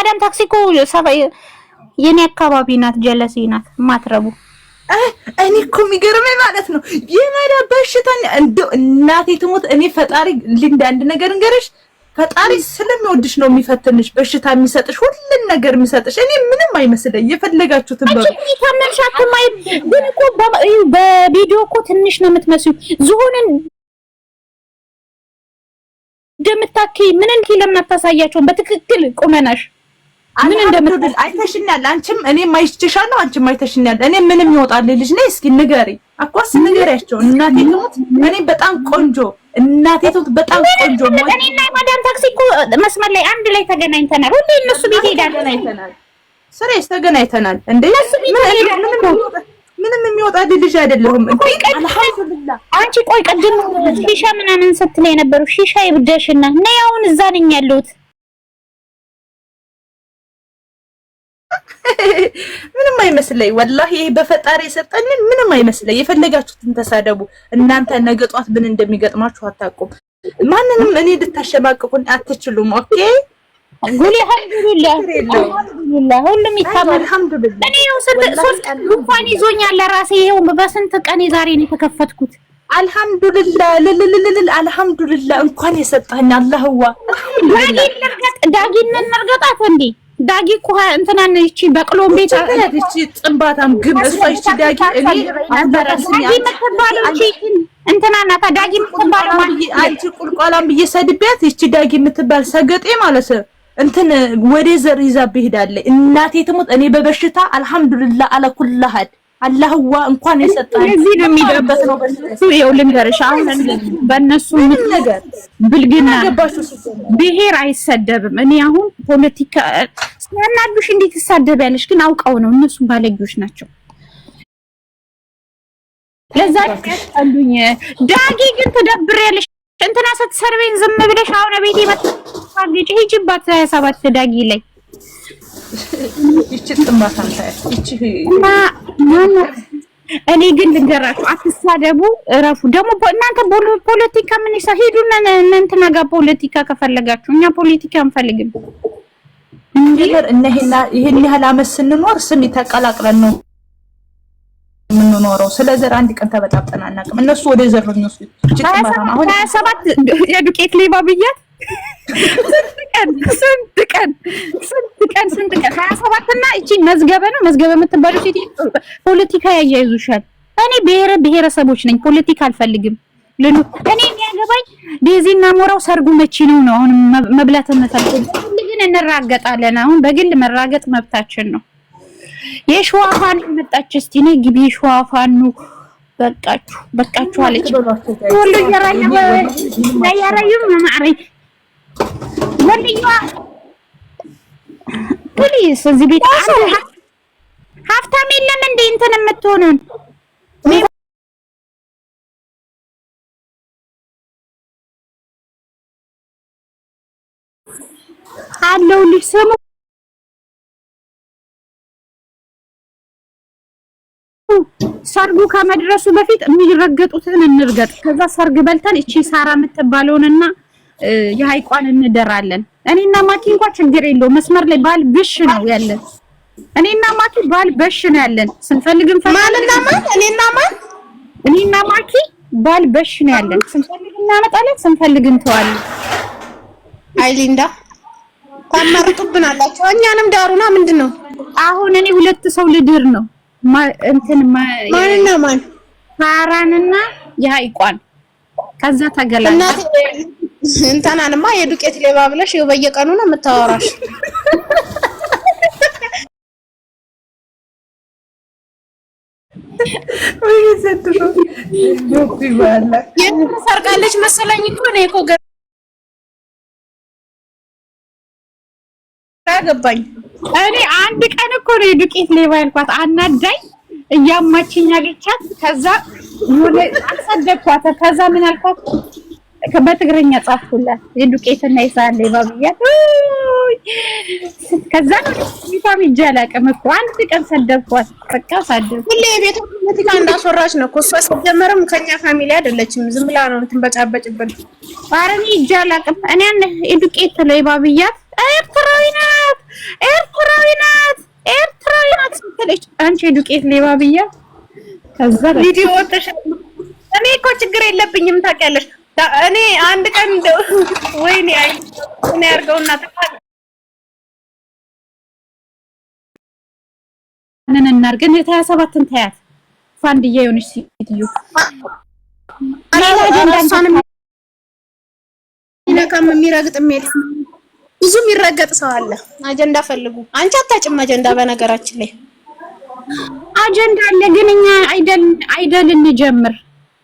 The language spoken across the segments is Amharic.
ማዳም ታክሲ እኮ የኔ አካባቢ ናት፣ ጀለሴ ናት ማትረቡ እኔ እኮ የሚገርመኝ ማለት ነው የማዳም በሽታ እንደው እናቴ ትሞት። እኔ ፈጣሪ ሊንዳ አንድ ነገር እንገርሽ ፈጣሪ ስለሚወድሽ ነው የሚፈትንሽ፣ በሽታ የሚሰጥሽ፣ ሁሉን ነገር የሚሰጥሽ። እኔ ምንም አይመስለኝ የፈለጋችሁትን ነው። እቺ ታመንሻት ማይብ ግን እኮ በቪዲዮ እኮ ትንሽ ነው የምትመስዩ። ዝሆንን እንደምታክይ ምንን እንኪ ለምን አታሳያቸውም? በትክክል ቁመናሽ ምን እንደምትል አይተሽኛል። አንቺም እኔም አይቼሻለሁ፣ አንቺም አይተሽኛል። እኔ ምንም ይወጣል ልጅ ነኝ። እስኪ ንገሪ፣ አኳስ ንገሪያቸው። እናቴ ትሙት፣ እኔ በጣም ቆንጆ እናቴ ትሙት፣ በጣም ቆንጆ ማለት እኔ እና ማዳም ታክሲ እኮ መስመር ላይ አንድ ላይ ተገናኝተናል። ሁሌ እነሱ ቤት ሄዳለሁ አይተናል። ስሬስ ተገናኝተናል እንዴ? እነሱ ቤት ምንም የሚወጣ ልጅ አይደለሁም። አልሐምዱሊላህ አንቺ ቆይ፣ ቅድም ሺሻ ምናምን ስትል የነበረው ሺሻ ይብደሽና ነይ፣ አሁን እዛ ነኝ ያለሁት ምንም አይመስለኝ። ወላሂ ይሄ በፈጣሪ የሰጠንን ምንም አይመስለኝ። የፈለጋችሁትን ተሳደቡ። እናንተ ነገ ጧት ምን እንደሚገጥማችሁ አታውቁም። ማንንም እኔ ልታሸማቅቁን አትችሉም። ኦኬ ጉል አልሐምዱሊላህ ሁሉም ይታመም እኔ ያው ሶስት ጉንፋን ይዞኛል ለራሴ ይሄው በስንት ቀን የዛሬ ነው የተከፈትኩት። አልሐምዱሊላህ ለለለለለ አልሐምዱሊላህ እንኳን የሰጣኝ አላህዋ ዳጊን እንርገጣት እንዴ ዳጊ እኮ እንትናን እቺ በቅሎ ቤት እቺ ጽንባታም ግን እሷ እቺ ዳጊ እኔ አንቺ ቁልቋላም ብዬ ሰድቤያት እቺ ዳጊ የምትባል ሰገጤ ማለት እንትን ወደ ዘር ይዛብህ ሄዳለች። እናቴ ትሞት እኔ በበሽታ አልሐምዱሊላህ አለኩላህል አላህዋ እንኳን የሰጣን እዚህ ነው የሚደበት ነው። በእሱ ይኸው ልንገርሽ፣ አሁን በእነሱ ነገር ብልግና ብሔር አይሰደብም። እኔ አሁን ፖለቲካ ሲያናዱሽ እንዴት ትሳደብ ያለሽ ግን አውቀው ነው። እነሱም ባለጊዎች ናቸው። ለዛ ያሉኝ ዳጊ ግን ትደብሪያለሽ። እንትና ስትሰርቤን ዝም ብለሽ አሁን ቤት መጣ ሂጂባት ሀያ ሰባት ዳጊ ላይ እኔ ግን ልንገራችሁ፣ አትሳደቡ፣ እረፉ። ደግሞ እናንተ ፖለቲካ ምን ይሳ ሄዱና እናንተና ጋር ፖለቲካ ከፈለጋችሁ እኛ ፖለቲካ አንፈልግም። ይህን ያህል አመት ስንኖር ስም ተቀላቅለን ነው የምንኖረው። ስለ ዘር አንድ ቀን አናውቅም። እነሱ ወደ ዘር ሀያ ሰባት የዱቄት ሌባ ብያት ቀን ስንት ቀን ስንት ቀን ስንት ቀን ሀያ ሰባት እና እቺ መዝገበ ነው መዝገበ የምትባለው ሴት ፖለቲካ ያያይዙሻል። እኔ ብሔረ ብሔረሰቦች ነኝ፣ ፖለቲካ አልፈልግም። ለኑ እኔ የሚያገባኝ ዴዚና ሞራው ሰርጉ መቼ ነው ነው። አሁን መብላት መሰልኩኝ፣ ግን እንራገጣለን። አሁን በግል መራገጥ መብታችን ነው። የሸዋፋኑ መጣች። እስቲ እኔ ግቢ የሸዋፋኑ በቃችሁ በቃችሁ አለች ሁሉ የራያ የራዩም ማዕሪ ወንድየዋ ፕሊስ እዚህ ቤት ሀብታም የለም እንደ እንትን የምትሆነውን አለው ልጅ ስሙ ሰርጉ ከመድረሱ በፊት የሚረገጡትን እንርገጥ። ከዛ ሰርግ በልተን እቺ ሳራ የምትባለውንና የሀይቋን እንደራለን። እኔና ማኪ እንኳ ችግር የለው መስመር ላይ ባል ብሽ ነው ያለን። እኔና ማኪ ባል በሽ ነው ያለን። ስንፈልግ እኔና ማኪ ባል በሽ ነው ያለን። ስንፈልግ እናመጣለን፣ ስንፈልግ እንተዋለን። አይ ሊንዳ ታመርጡብን እኛንም ዳሩና ምንድን ነው አሁን እኔ ሁለት ሰው ልድር ነው እንትን ማንና ማን ሳራንና የሀይቋን ከዛ ተገላለ እንትናንማ የዱቄት ሌባ ብለሽ ይኸው በየቀኑ ነው የምታወራሽ። ሰርቃለች መሰለኝ እኮ ነው እኮ ገባኝ። እኔ አንድ ቀን እኮ ነው የዱቄት ሌባ ያልኳት አናዳኝ እያማችኝ አለቻት። ከዛ አልሰደኳት። ከዛ ምን አልኳት በትግረኛ ጻፍኩላት የዱቄትና የሳህን ሌባ ብያት። ከዛ ነው ቢፋም ሂጅ አላውቅም እኮ አንድ ቀን ሰደብኳት። በቃ ሳደብ ሁሌ የቤት ፖለቲካ እንዳስወራች ነው እኮ እሷ። ሲጀመርም ከኛ ፋሚሊ አይደለችም ዝም ብላ ነው የምትበጫበጭብን። ኧረ እኔ ሂጅ አላውቅም እኔ የዱቄት ሌባ ብያት። ኤርትራዊ ናት ኤርትራዊ ናት ኤርትራዊ ናት ስትለች አንቺ የዱቄት ሌባ ብያት። ከዛ ቪዲዮ ወጥተሻል። እኔ እኮ ችግር የለብኝም ታውቂያለሽ እኔ አንድ ቀን እንደው ወይኔ አይ እኔ አድርገውና ተፋል ነን እናርገን የሀያ ሰባትን ተያት ፋንድዬ የሆነች ሴትዮ ይነካም የሚረግጥም የለም። ብዙ የሚረገጥ ሰው አለ። አጀንዳ ፈልጉ። አንቺ አታጭም አጀንዳ። በነገራችን ላይ አጀንዳ አለ፣ ግን እኛ አይደል አይደል እንጀምር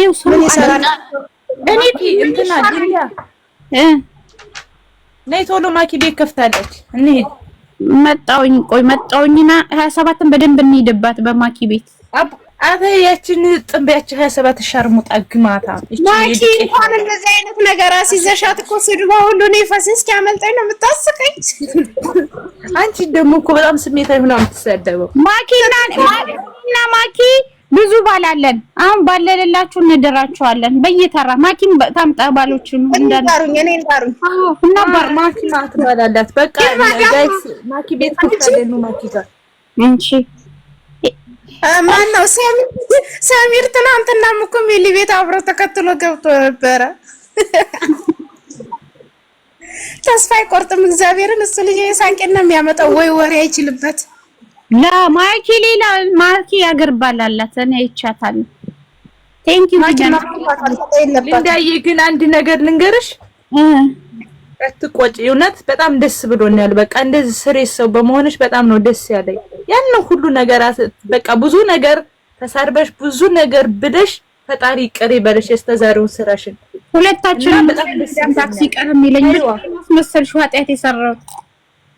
ይኸው ስሩ እኔ እንትና እ ነይ ቶሎ ማኪ ቤት ከፍታለች። እንሂድ መጣሁኝ። ቆይ መጣሁኝና ሀያ ሰባትን በደንብ እንሂድባት በማኪ ቤት አተ ያችን ጥንቢያች ሀያ ሰባት ሸርሙጣ ግማታ ማኪ እንኳን እንደዚህ አይነት ነገር አስይዘሻት እኮ ስድባ ሁሉ እኔ ፈስን እስኪያመልጠኝ ነው የምታስቀኝ። አንቺ ደግሞ እኮ በጣም ስሜታዊ ሆና የምትሰደበው ማኪና ማኪ ብዙ ባላለን አሁን ባለለላችሁ እንደራችኋለን። በየተራ ማኪን በጣም ጠባሎችን እንዳሉኝ እኔ እንዳሉኝ እና ባር ማኪ ማትባላላት በቃ ጋይስ ማኪ ቤት ከፈለኑ ማኪ ጋር እንቺ ማን ነው ሰሚር? ሰሚር ትናንትና እኮ ሚሊ ቤት አብሮ ተከትሎ ገብቶ ነበረ። ተስፋ አይቆርጥም እግዚአብሔርን። እሱ ልጅ የሳቄን ነው የሚያመጣው ወይ ወሬ አይችልበት ለማይኪ ሌላ ማይኪ ያገር ባላላት እኔ አይቻታለሁ። ቴንክ ዩ ሊንዳዬ፣ ግን አንድ ነገር ልንገርሽ አትቆጪ። እውነት በጣም ደስ ብሎኛል። በቃ እንደዚህ ስሬ ሰው በመሆንሽ በጣም ነው ደስ ያለኝ። ያን ሁሉ ነገር በቃ ብዙ ነገር ተሳርበሽ ብዙ ነገር ብለሽ ፈጣሪ ይቅር ይበልሽ የስተዛሬውን ስራሽን ሁለታችንም በጣም ደስ ታክሲ ቀር የሚለኝ መሰልሽ ኃጢአት የሰራሁት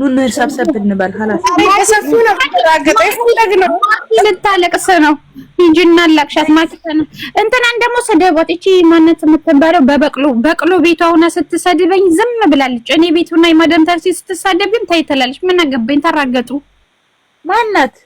ኑን ሰብሰብ እንበል። ነው ተራገጠ ይፈልግ ነው ልታለቅስ ነው እንጂ እናላቅሻት ማለት ነው። እንትናን ደግሞ ስደቧት። እቺ ማነት የምትባለው በበቅሎ በቅሎ ቤቷ ሆና ስትሰድበኝ ዝም ብላለች። እኔ ምን አገባኝ? ተራገጡ ማነት